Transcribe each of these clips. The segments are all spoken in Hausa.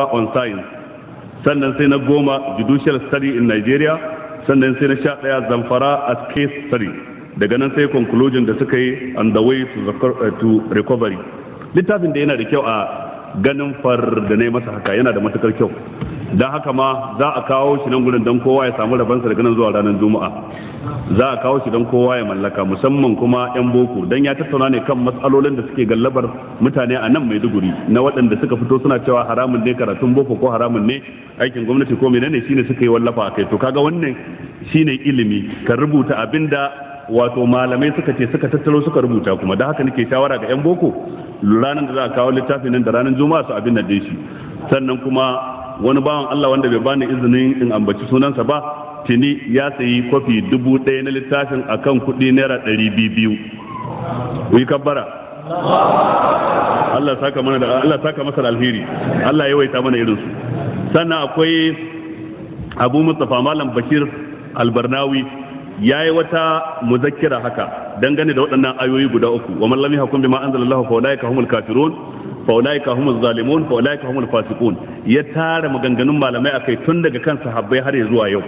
on science sannan sai na goma judicial study in nigeria sannan sai na sha ɗaya zamfara as case study daga nan sai conclusion da suka yi on the way to eh, recovery littafin da yana da kyau a ganin far da na masa haka yana da matukar kyau dan haka ma za a kawo shi nan gurin dan kowa ya samu rabansa daga nan zuwa ranar juma'a za a kawo shi dan kowa ya mallaka musamman kuma yan boko dan ya tattauna ne kan matsalolin da suke gallabar mutane a nan Maiduguri na waɗanda suka fito suna cewa haramun ne karatun boko ko haramun ne aikin gwamnati ko menene shine suka yi wallafa kai to kaga wannan shine ilimi ka rubuta abinda wato malamai suka ce suka tattalo suka rubuta kuma da haka nake shawara ga 'yan boko ranar da za a kawo littafin nan da ranar juma'a su abin da shi sannan kuma wani bawan Allah wanda bai bani izinin in ambaci sunansa ba tuni ya sayi kwafi dubu ɗaya na littafin akan kuɗi naira ɗari biyu biyu kabbara Allah saka mana da Allah saka alheri ya waita mana su sannan akwai Abu Mustafa Malam Bashir Albarnawi ya yi wata muzakkira haka dangane da waɗannan ayoyi guda uku wa man lam yahkum bima anzalallahu fa ulaika humul kafirun fa ulaika humuz zalimun fa ulaika humul fasiqun ya tara maganganun malamai akai tun daga kan sahabbai har zuwa yau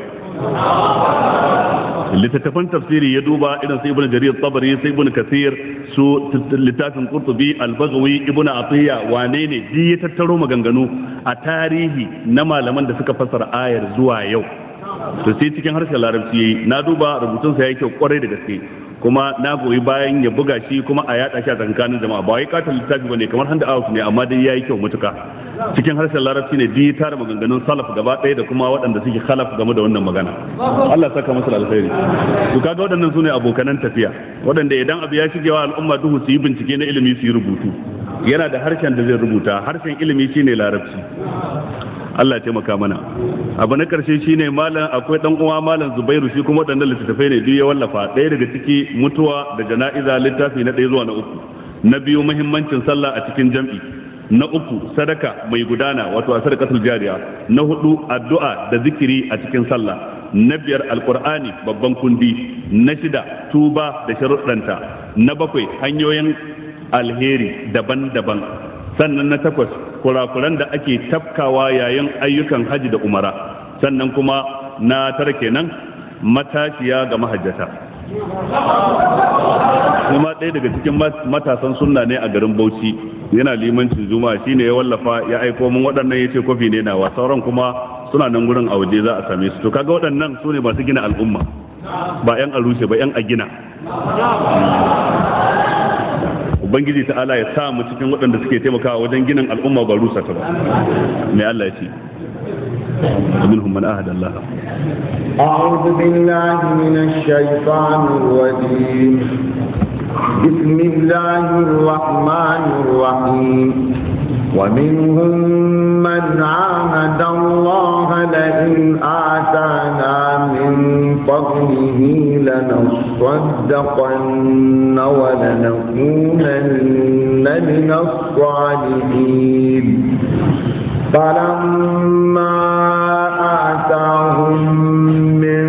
littattafan tafsiri ya duba irin su ibn jarir tabari su ibn kasir su littafin qurtubi al-bagawi ibn atiya wane ne ya tattaro maganganu a tarihi na malaman da suka fassara ayar zuwa yau to sai cikin harshen larabci yayi na duba rubutun sa yake kyau kwarai da gaske kuma na goyi bayan ya buga shi kuma a yada shi a tsakanin jama'a ba wai katon littafi bane kamar handa out ne amma dai yayi kyau mutuka cikin harshen larabci ne duk tare maganganun salaf gaba ɗaya da kuma waɗanda suke khalaf game da wannan magana Allah saka musu alkhairi to kaga waɗannan sune abokanan tafiya waɗanda idan abu ya shige wa al'umma duhu su yi bincike na ilimi su yi rubutu yana da harshen da zai rubuta harshen ilimi shine larabci Allah ya taimaka mana abu na karshe shine malam akwai ɗan uwa malam Zubairu shi kuma wadannan littattafai ne biyu ya wallafa ɗaya daga ciki mutuwa da jana'iza littafi na ɗaya zuwa na uku na biyu muhimmancin sallah a cikin jam'i na uku sadaka mai gudana wato a sadakatul jariya na hudu addu'a da zikiri a cikin sallah na biyar alqur'ani babban kundi na shida tuba da sharuɗanta na bakwai hanyoyin alheri daban-daban sannan na takwas kurakuran da ake tafkawa yayin ayyukan haji da umara sannan kuma na tara kenan matashiya ga mahajjata kuma ɗaya daga cikin matasan sunna ne a garin bauchi yana limancin juma shine ya wallafa ya aiko min waɗannan ya ce kofi ne nawa sauran kuma suna nan gurin a waje za a same su to kaga waɗannan su ne masu gina al'umma ba 'yan rushe ba 'yan a gina ubangiji ta ala ya sa mu cikin waɗanda suke taimakawa wajen ginin al'umma ba rusa ta ba mai Allah ya ce ومنهم من أهدى الله أعوذ بالله من الشيطان الرجيم بسم الله الرحمن الرحيم ومنهم من عاهد الله لئن آتانا فضله لنصدقن ولنكونن من الصالحين فلما آتاهم من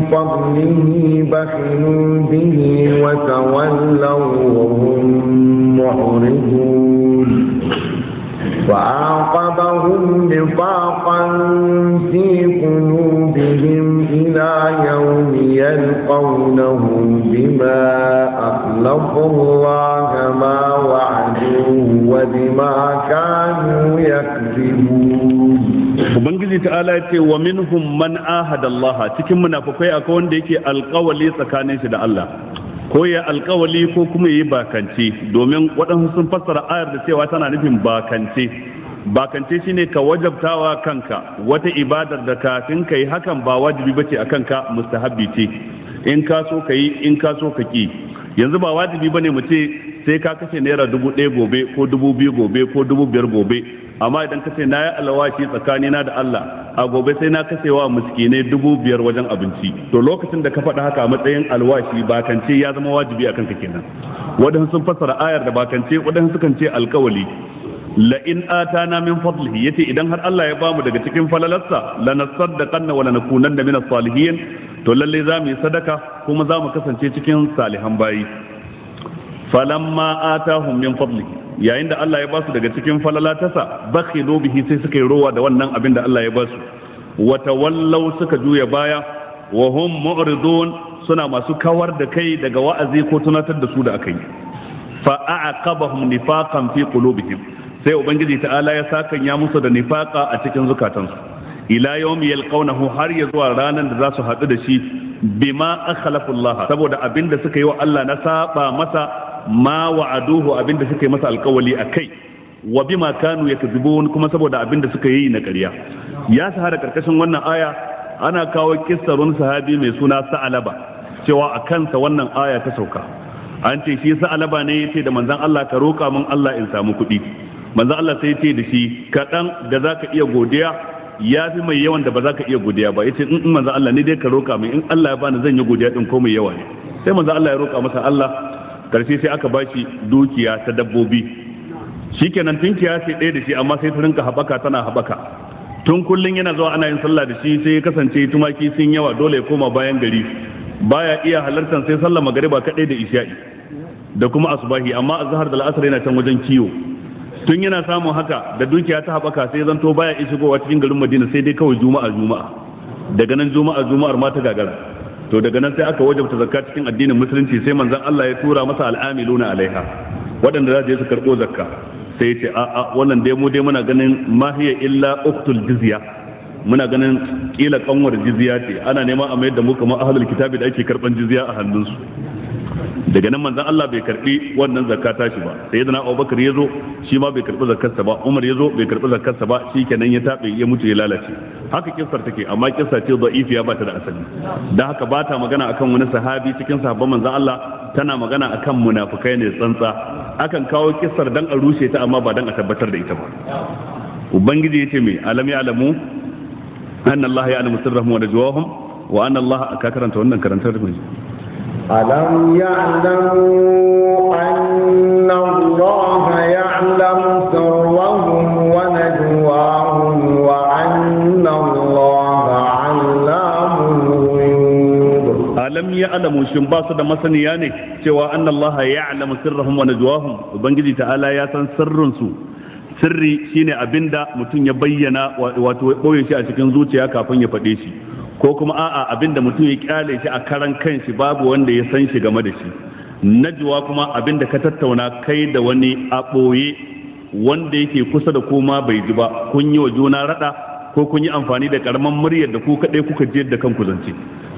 فضله بخلوا به وتولوا وهم معرضون وأعقبهم نفاقا في قلوبهم يلقونه بما أخلفوا الله ما وعدوه وبما كانوا يكذبون Ubangiji ta'ala ya ce wa minhum man ahada Allah cikin munafukai akwai wanda yake alkawali tsakanin shi da Allah ko ya alkawali ko kuma yi bakance domin waɗansu sun fassara ayar da cewa tana nufin bakance bakance shine ka wajabtawa kanka wata ibadar da kafin ka yi hakan ba wajibi bace a kanka mustahabbi ce in ka so ka yi in ka so ka ki yanzu ba wajibi bane mu ce sai ka kashe naira dubu ɗaya gobe ko dubu biyu gobe ko dubu biyar gobe amma idan ka ce na yi alawashi na da Allah a gobe sai na kasewa miskinai dubu biyar wajen abinci to lokacin da ka faɗa haka a matsayin alwashi bakance ya zama wajibi a kanka kenan waɗansu sun fassara ayar da bakance waɗansu sukan ce alkawali la in atana min fadlihi yace idan har Allah ya bamu daga cikin falalarsa lanasaddaqanna wa lanakunanna min as-salihin to lalle za mu yi sadaka kuma za mu kasance cikin salihan bayi falamma atahum min fadlihi yayin da Allah ya basu daga cikin falalatasa bakhilu bihi sai suka yi rowa da wannan abin da Allah ya basu wa tawallaw suka juya baya wa hum mu'ridun suna masu kawar da kai daga wa'azi ko tunatar da su da akai fa a'aqabahum nifaqan fi qulubihim sai ubangiji ta'ala ya sakan ya musu da nifaka a cikin zukatansu ila yawmi yalqawnahu har ya zuwa ranar da za su haɗu da shi bima akhlafu Allah saboda abinda suka yi wa Allah na saba masa ma wa'aduhu abinda suka yi masa alkawali akai wa bima kanu yakzibun kuma saboda abinda suka yi na ƙarya ya sahara karkashin wannan aya ana kawo kissarun sahabi mai suna Sa'alaba cewa a kansa wannan aya ta sauka an ce shi Sa'alaba ne yace da manzon Allah ka roƙa min Allah in samu kuɗi manzo Allah sai ce da shi kaɗan da zaka iya godiya ya fi mai yawan da ba za ka iya godiya ba yace in mm, mm, manzo Allah ne dai ka roƙa mai in Allah ya bani zan yi godiya din ko mai yawa ne sai manzo Allah ya roƙa masa Allah karshe sai aka bashi dukiya ta dabbobi shikenan tunkiya sai ɗaya da shi amma sai ta rinka haɓaka tana haɓaka tun kullun yana zuwa ana yin sallah da shi sai ya kasance tumaki sun yawa dole ya koma bayan gari baya iya halartar sai sallah magariba kaɗai da isha'i da kuma asubahi amma azhar da la'asar yana can wajen kiwo tun yana samun haka da dukiya ta haɓaka sai zanto baya isa gowa cikin garin madina sai dai kawai juma'a juma'a daga nan juma'a juma'ar ma ta gagara to daga nan sai aka wajabta zakka cikin addinin musulunci sai manzon Allah ya tura masa al'amiluna alaiha waɗanda za su je su karɓo zakka sai ya ce a a wannan dai mu dai muna ganin ma hiya illa uqtul jizya muna ganin kila kanwar jizya ce ana nema a mayar da mu kamar ahlul kitabi da ake karban jizya a hannunsu daga nan manzon Allah bai karbi wannan zakka ta shi ba sayyidina Abubakar ya zo shi ma bai karbi zakarsa ba Umar ya zo bai karbi zakarsa ba shi kenan ya tabe ya mutu ya lalace haka kissar take amma kissa ce da'ifiya ba ta da asali dan haka ba ta magana akan wani sahabi cikin sahabban manzon Allah tana magana akan munafikai ne tsantsa akan kawo kissar dan a rushe ta amma ba dan a tabbatar da ita ba ubangiji yace me alam ya alamu anna Allah ya alamu sirrahum wa najwahum wa anna Allah ka karanta wannan karantar da Alammiya Alamu An-Nablonza ya da masaniya ne cewa, annallaha, ya cewa "ye allama sirri wa Ta'ala ya san sirrinsu Sirri shine ne abin da mutum ya bayyana wato yau yaushe a cikin zuciya kafin ya faɗe shi. ko kuma a'a abinda mutum ya kyale shi a karan kanshi babu wanda ya san shi game da shi najwa kuma abinda ka tattauna kai da wani a ɓoye wanda yake kusa da kuma bai ji ba kun yi wa juna rada ko kun yi amfani da karaman muryar da ku kaɗai kuka jiyar da kanku zance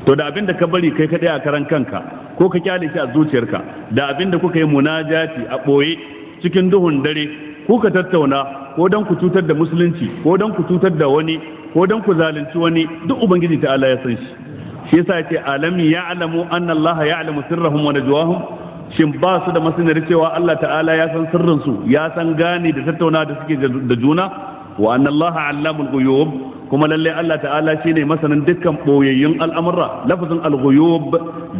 to da abinda ka bari kai kaɗai a karan kanka ko ka kyale shi a zuciyarka da abinda kuka yi munajati a ɓoye cikin duhun dare kuka tattauna ko don ku cutar da musulunci ko don ku cutar da wani ko don ku zalunci wani duk ubangiji ta Allah ya san shi shi yasa yace alam ya'lamu anna Allah ya'lamu sirrahum wa najwahum shin ba su da masanar cewa Allah ta'ala ya san sirrin su ya san gane da tattauna da suke da juna wa anna Allah 'allamul ghuyub kuma lalle Allah ta'ala shine masanin dukkan boyayyun al'amura lafazin al-ghuyub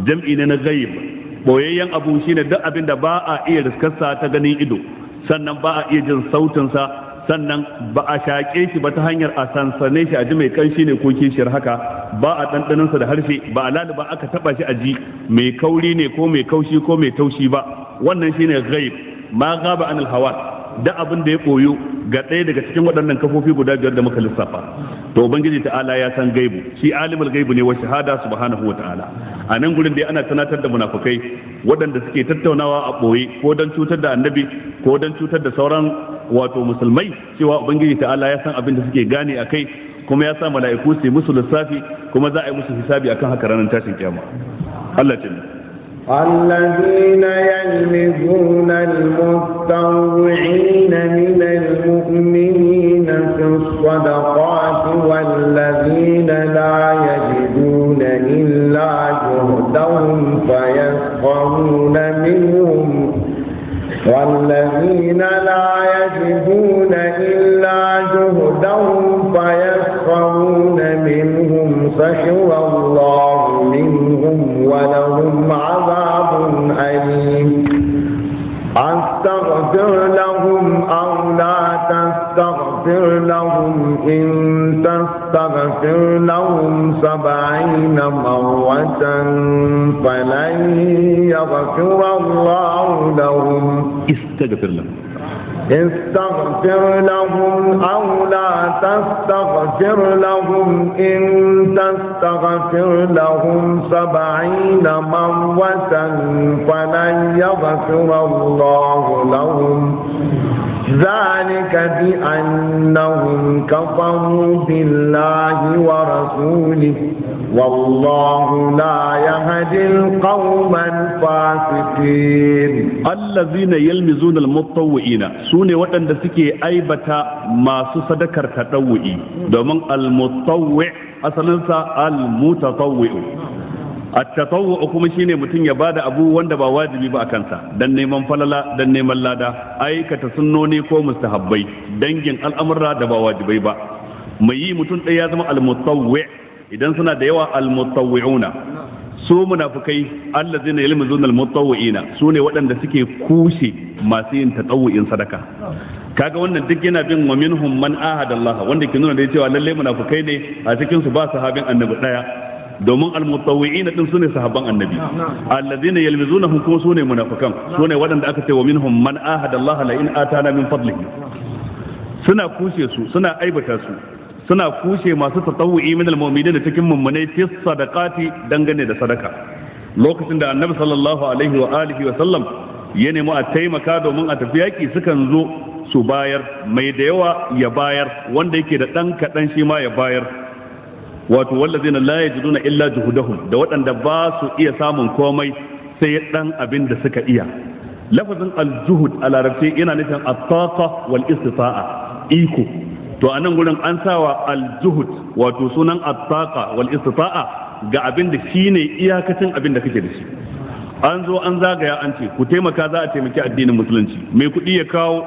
jam'i ne na ghaib boyayyen abu shine duk abin da ba a iya riskarsa ta ganin ido sannan ba a iya jin sautinsa sannan ba a shaƙe shi ba ta hanyar a sansane shi a ji mai kanshi ne ko kishiyar haka ba a ɗanɗaninsa da harshe ba a lalaba aka taɓa shi a ji mai kauri ne ko mai kaushi ko mai taushi ba wannan shine ghaib ma gaba an hawa da abin da ya koyo ga ɗaya daga cikin waɗannan kafofi guda biyar da muka lissafa to ubangiji ta'ala ya san gaibu shi alimul gaibu ne wa shahada subhanahu wa ta'ala a nan gurin da ana tunatar da munafukai waɗanda suke tattaunawa a ɓoye ko don cutar da annabi ko don cutar da sauran wato musulmai cewa ubangiji ta'ala ya san abin da suke gane a kai kuma ya sa mala'iku su musu lissafi kuma za a yi musu hisabi akan haka ranar tashin kiyama Allah ce الذين يلمزون المتطوعين من يغفر الله لهم استغفر لهم استغفر لهم أو لا تستغفر لهم إن تستغفر لهم سبعين مرة فلن يغفر الله لهم ذلك بأنهم كفروا بالله ورسوله والله لا يهدي القوم الفاسقين الذين يلمزون المتطوعين سوني وطن da suke aibata masu sadakar tadawwi domin al-mutawwi asalinsa al-mutatawwi at-tatawwu kuma shine mutum ya bada abubuwan da ba wajibi ba a kansa dan neman falala dan neman lada aikata sunnoni ko mustahabbai dangin al'amurra da ba wajibai ba mai yi mutum ɗaya ya zama al-mutawwi idan suna da yawa almutawwi'una su munafikai allazina yalmuzuna almutawwi'ina sune waɗanda suke kushe masu yin tatawu'in sadaka kaga wannan duk yana bin wa minhum man ahada Allah wanda ke nuna da cewa lalle munafukai ne a cikin su ba sahabin annabi daya domin almutawwi'ina din sune sahabban annabi allazina yalmuzunahum kuma sune munafikan sune waɗanda aka ce wa minhum man ahada Allah la in atana min fadlihi suna kushe su suna aibata su suna kushe masu tatawu'i min da cikin mummunai fi sadaqati dangane da sadaka lokacin da annabi sallallahu alaihi wa alihi wa sallam ya nemi a taimaka domin a tafi yaki sukan zo su bayar mai da yawa ya bayar wanda yake da dan kadan shi ma ya bayar wato wallazina la yajiduna illa juhudahum da waɗanda ba su iya samun komai sai dan abin da suka iya lafazin aljuhud a larabci yana nufin at-taqa wal istita'a iko to a nan gurin an sawa al-zuhud wato sunan at-taqa wal istita'a ga abin da shine iyakacin abin da kake da shi an zo an zagaya an ce ku taimaka za a taimaki addinin musulunci mai kuɗi ya kawo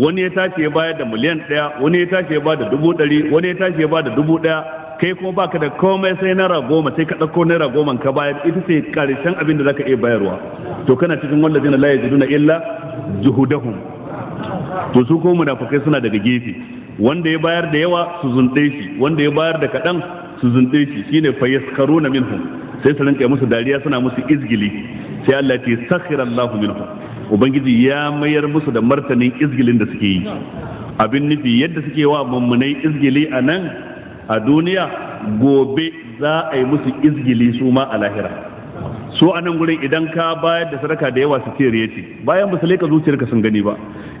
wani ya tashi ya bayar da miliyan ɗaya wani ya tashi ya bada dubu ɗari wani ya tashi ya bada dubu ɗaya kai kuma baka da komai sai naira goma sai ka ɗauko naira goma ka bayar ita ce karshen abin da zaka iya bayarwa to kana cikin zina la yajiduna illa juhudahum to su ko munafikai suna daga gefe wanda ya bayar da yawa su zunɗe shi wanda ya bayar da kaɗan su zunɗe shi shine fa na minhum sai su rinka musu dariya suna musu izgili sai Allah ya ce sakhira Allahu minhum ubangiji ya mayar musu da martanin izgilin da suke yi abin nufi yadda suke wa mummunai izgili a nan a duniya gobe za a yi musu izgili su ma a lahira Su a nan gurin idan ka bayar da sadaka da yawa su ce ce bayan ba su leka zuciyarka sun gani ba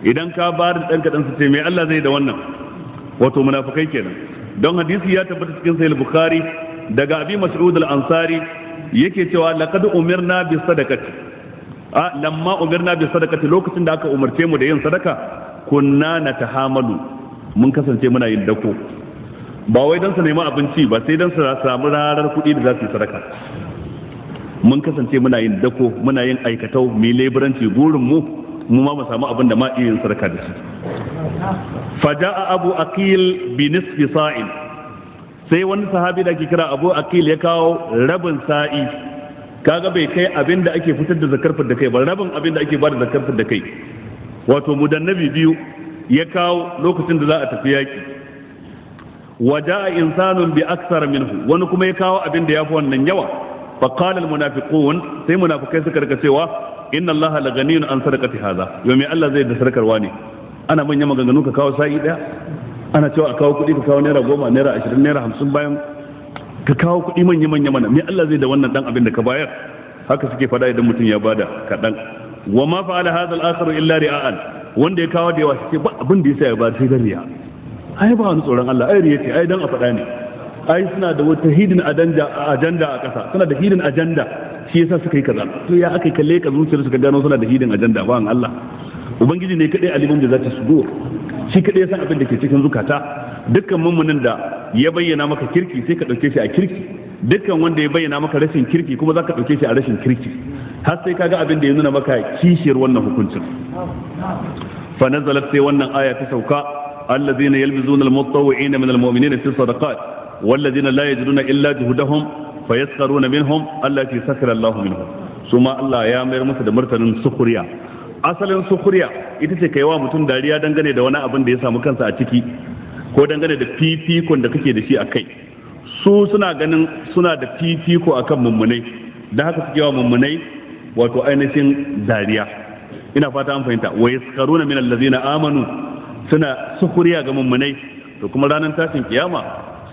idan ka bayar da ɗan kaɗan su ce mai Allah zai da wannan wato munafikai kenan don hadisi ya tabbata cikin sahih bukhari daga abi mas'ud al-ansari yake cewa laqad umirna bi sadaqati a lamma umirna bi sadaqati lokacin da aka umarce mu da yin sadaka kunna natahamalu mun kasance muna yin dako ba wai don su nemi abinci ba sai don su samu rarar kuɗi da za su yi sadaka mun kasance muna yin dako muna yin aikatau mai leburanci gurin mu mu ma mu samu abin da ma iya yin sadaka da shi a abu akil binis nisfi sai wani sahabi da ake kira abu aqil ya kawo rabin sa'i kaga bai kai abin da ake fitar da zakar da kai ba rabin abin da ake ba da zakar da kai wato mudannabi biyu ya kawo lokacin da za a tafi yaki waja insanun bi aksara minhu wani kuma ya kawo abin da fi wannan yawa fa qala al munafiqun sai munafikai suka rika cewa inna allaha laganiyun an sadaqati hadha yau me Allah zai da sarkarwa ne ana manyan maganganu ka kawo sa'i daya ana cewa a kawo kuɗi ka kawo naira goma naira ashirin naira hamsin bayan ka kawo kuɗi manya manya mana me Allah zai da wannan dan abin da ka bayar haka suke fada idan mutum ya bada kaɗan wa ma fa'ala hadha al-akhar illa ri'a'an wanda ya kawo da yawa suke ba abin da yasa ya ba sai zan riya ai ba wani tsoron Allah ai riya ce ai dan a faɗa ne ai suna da wata hidden agenda a ƙasa suna da hidden agenda shi yasa suka yi kaza to ya aka kalle ka zuciyar suka gano suna da hidden agenda ba an Allah ubangiji ne kadai alimin da zata sudur shi kadai san abin da ke cikin zukata dukkan mummunin da ya bayyana maka kirki sai ka dauke shi a kirki dukkan wanda ya bayyana maka rashin kirki kuma zaka dauke shi a rashin kirki har sai kaga abin da ya nuna maka kishiyar wannan hukuncin fa nazalat sai wannan aya ta sauka allazina yalbizuna almutawwi'ina min almu'minina fi sadaqat wallazina la yajiduna illa juhdahum fayaskaruna minhum allati sakara Allahu minhum su Suma Allah ya mayar musu da martanin sukuriya asalin sukuriya ita ce kai wa mutum dariya dangane da wani abin da ya samu kansa a ciki ko dangane da fifikon da kake da shi a kai su suna ganin suna da fifiko a kan mummunai da haka suke wa mummunai wato ainihin dariya ina fata an fahimta wa yaskaruna min allazina amanu suna sukuriya ga mummunai to kuma ranar tashin kiyama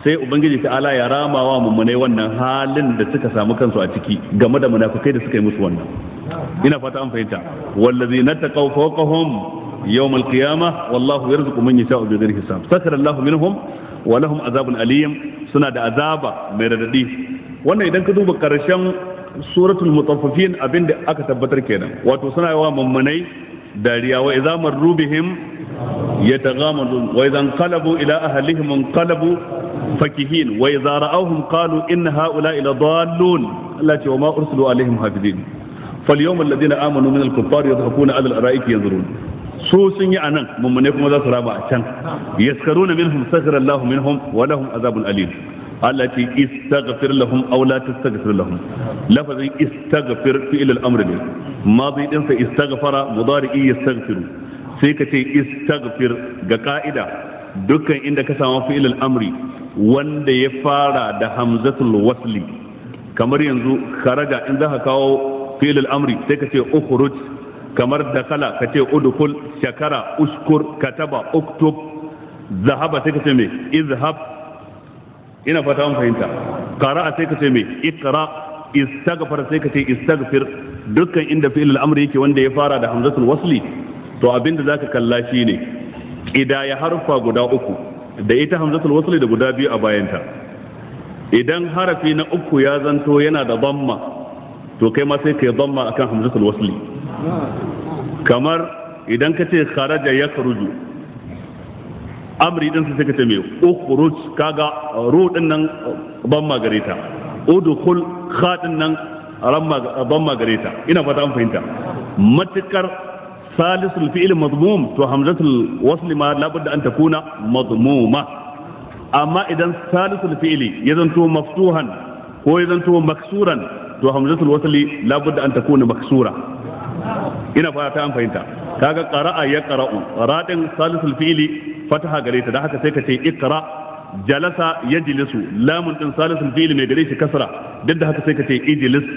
sai ubangiji ta ala ya ramawa mummunai wannan halin da suka samu kansu a ciki game da munafukai da suka yi musu wannan ina fata an fahimta wallazina taqaw fawqahum يوم القيامة والله يرزق من يشاء بغير حساب سخر الله Azabun ولهم suna da azaba mai مرددي wannan idan ka duba karshen suratul mutaffifin abinda aka tabbatar kenan wato suna yawa mummunai dariya wa idza marru bihim yataghamadun wa idza qalabu ila ahlihim qalabu fakihin wa idza ra'awhum qalu inna haula ila dallun Allah ce wa ma ursilu alaihim hafizin فاليوم الذين امنوا من الكفار يضحكون على الارائك ينظرون su sun yi a anan mummune kuma za su raba a can yaskaruna minhum sakhara Allahu minhum wa lahum azabun alim Allah ce istaghfir lahum aw la tastaghfir lahum lafazin istaghfir fi'il al-amr ne madi din sa istaghfara mudari'i yastaghfiru sai ka ce istaghfir ga ka'ida dukkan inda ka samu fi'il al-amri wanda ya fara da hamzatul wasli kamar yanzu kharaja in za ka kawo fi'il al-amri sai ka ce ukhruj kamar dakala ka ce udkhul shakara uskur kataba uktub zahaba sai ka ce me izhab ina fata mun fahimta qara'a sai ka ce me iqra istaghfar sai ka ce istaghfir dukkan inda fi'il al-amri yake wanda ya fara da hamzatul wasli to abinda zaka kalla shine ya harfa guda uku da ita hamzatul wasli da guda biyu a bayanta idan harafi na uku ya zanto yana da bamma to kai ma sai ka dhamma akan hamzatul wasli kamar idan ka ce kharaja ya kharuju amri din sai ka ce me ukhruj kaga ru din nan ban gare ta udkhul kha din nan dhamma gare ta ina fata an fahimta matukar salisul fi'il madmum to hamzatul wasli ma labudda an takuna madmuma amma idan salisul fi'ili ya zanto maftuhan ko ya zanto maksuran to hamzatul wasli labudda an takuna maksura ina fata an fahimta kaga qara'a ya qara'u radin salisul fi'li fataha gare ta da haka sai ka ce ikra jalasa yajlisu lamun din salisul fi'li mai gare shi kasra duk da haka sai ka ce ijlis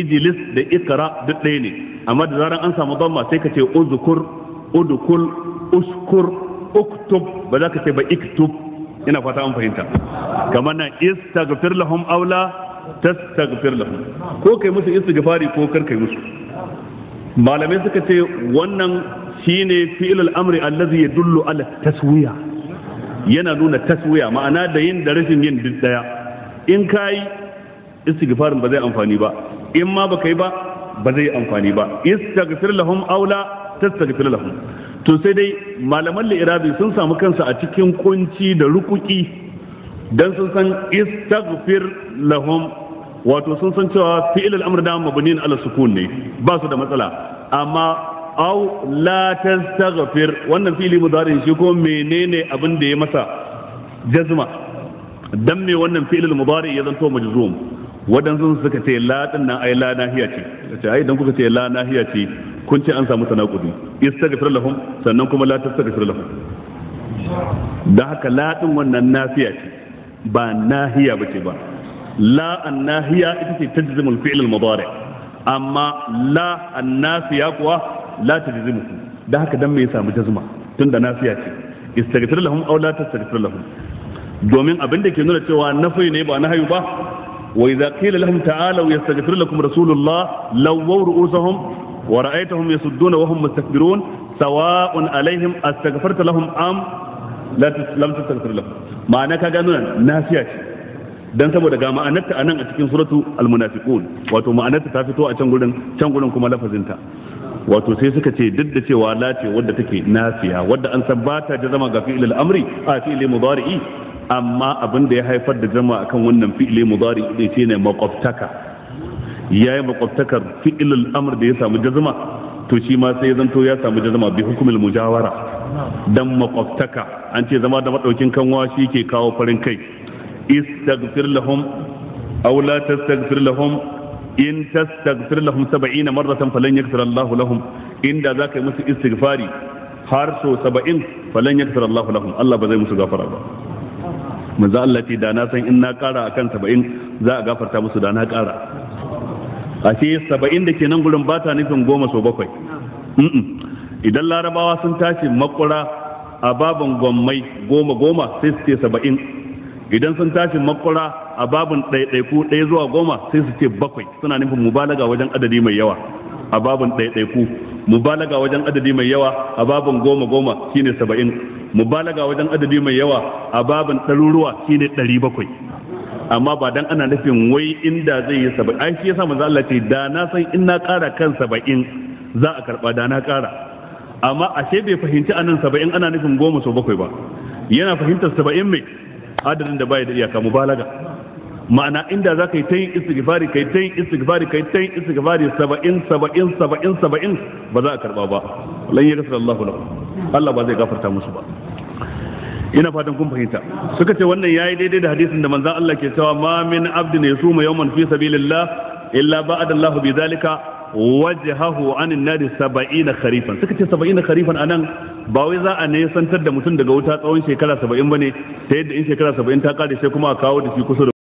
ijlis da ikra duk ɗaya ne amma da zaran an samu dhamma sai ka ce uzkur udkul uskur uktub ba za ka ce ba iktub ina fata an fahimta kamar nan istaghfir lahum aula tastaghfir lahum ko kai musu istighfari ko kar kai musu malamai suka ce wannan shine fi'il amri allazi yadullu ala taswiya yana nuna taswiya ma'ana da yin da rashin yin duk daya in kai istighfarin ba zai amfani ba in ma baka yi ba ba zai amfani ba istaghfir lahum aula tastaghfir lahum to sai dai malaman li'irabi sun samu kansa a cikin kunci da rukuki dan sun san istaghfir lahum wato sun san cewa fi'il al-amr da mabniin ala sukun ne ba su da matsala amma aw la tastaghfir wannan fi'ili mudari shi ko menene abin da ya masa jazma dan me wannan fi'il mudari ya zanto majzum wadansu suka ce la din nan ai la nahiya ce ce ai dan kuka ce la nahiya ce kun ce an samu tanakudi istaghfir lahum sannan kuma la tastaghfir lahum dan haka la din wannan nafiya ce ba nahiya bace ba la an nahiya ita ce tajzimu al-fi'l al-mudari amma la an nafiya kuwa la tajzimu da haka dan me ya samu jazma tunda nafiya ce istaghfir lahum aw la tastaghfir lahum domin abin da ke nuna cewa nafi ne ba nahyu ba wa idza qila lahum ta'alu yastaghfir lakum rasulullah lawaw ru'usahum yasudduna wa hum mustakbirun sawa'un alaihim astaghfarta lahum am lam tastaghfir lahu ma'ana ka gano nan nafiya ce dan saboda ga ma'anarta anan a cikin suratu almunafiqun wato ma'anarta ta fito a can gurin can gurin kuma lafazinta wato sai suka ce duk da cewa la ce wadda take nafiya wadda an san ba ta jazama ga fi'il al-amri a fi'il mudari'i amma abin da ya haifar da jama akan wannan fi'il mudari'i din shine maqaftaka yayi maqaftakar fi'il al-amr da ya samu jazama to shi ma sai zanto ya samu jazama bi hukumil mujawara dan makwabtaka an ce zama da madaukin kanwa shi ke kawo farin kai istaghfir lahum aw la tastaghfir lahum in tastaghfir lahum 70 maratan falan yaghfir Allah lahum inda zaka yi musu istighfari har so 70 falan yaghfir Allah lahum Allah ba zai musu gafara ba manzo Allah ce da na san in na kara akan 70 za a gafarta musu da na kara ashe 70 da ke nan gurin ba ta nufin goma so bakwai idan larabawa sun tashi makura a babin gwammai goma goma sai su ce saba'in idan sun tashi makura a babin ɗaiɗaiku ɗaya zuwa goma sai su ce bakwai suna nufin mubalaga wajen adadi mai yawa a babin ɗaiɗaiku mubalaga wajen adadi mai yawa a babin goma goma shine saba'in mubalaga wajen adadi mai yawa a babin ɗaruruwa shine ɗari bakwai amma ba dan ana nufin wai inda zai yi saba'in ai shi yasa manzo Allah ce da na san in na ƙara kan saba'in za a karɓa da na ƙara amma ashe bai fahimci anan saba'in ana nufin goma sau bakwai ba yana fahimtar saba'in mai adadin da bai da iyaka mubalaga ma'ana inda za ka yi ta yin istighfari kai ta yin istighfari kai ta yin istighfari saba'in saba'in saba'in saba'in ba za a karba ba lan yaghfir Allahu lahu Allah ba zai gafarta musu ba ina fatan kun fahimta suka ce wannan yayi daidai da hadisin da manzon Allah ke cewa ma min abdin yasuma yawman fi sabilillah illa ba'ada Allahu bi zalika wajahahu anin nari saba'ina kharifan suka ce saba'ina kharifan anan ba wai za a ne santar da mutum daga wuta tsawon shekara saba'in bane ta yadda in shekara saba'in ta kare sai kuma a kawo da shi kusa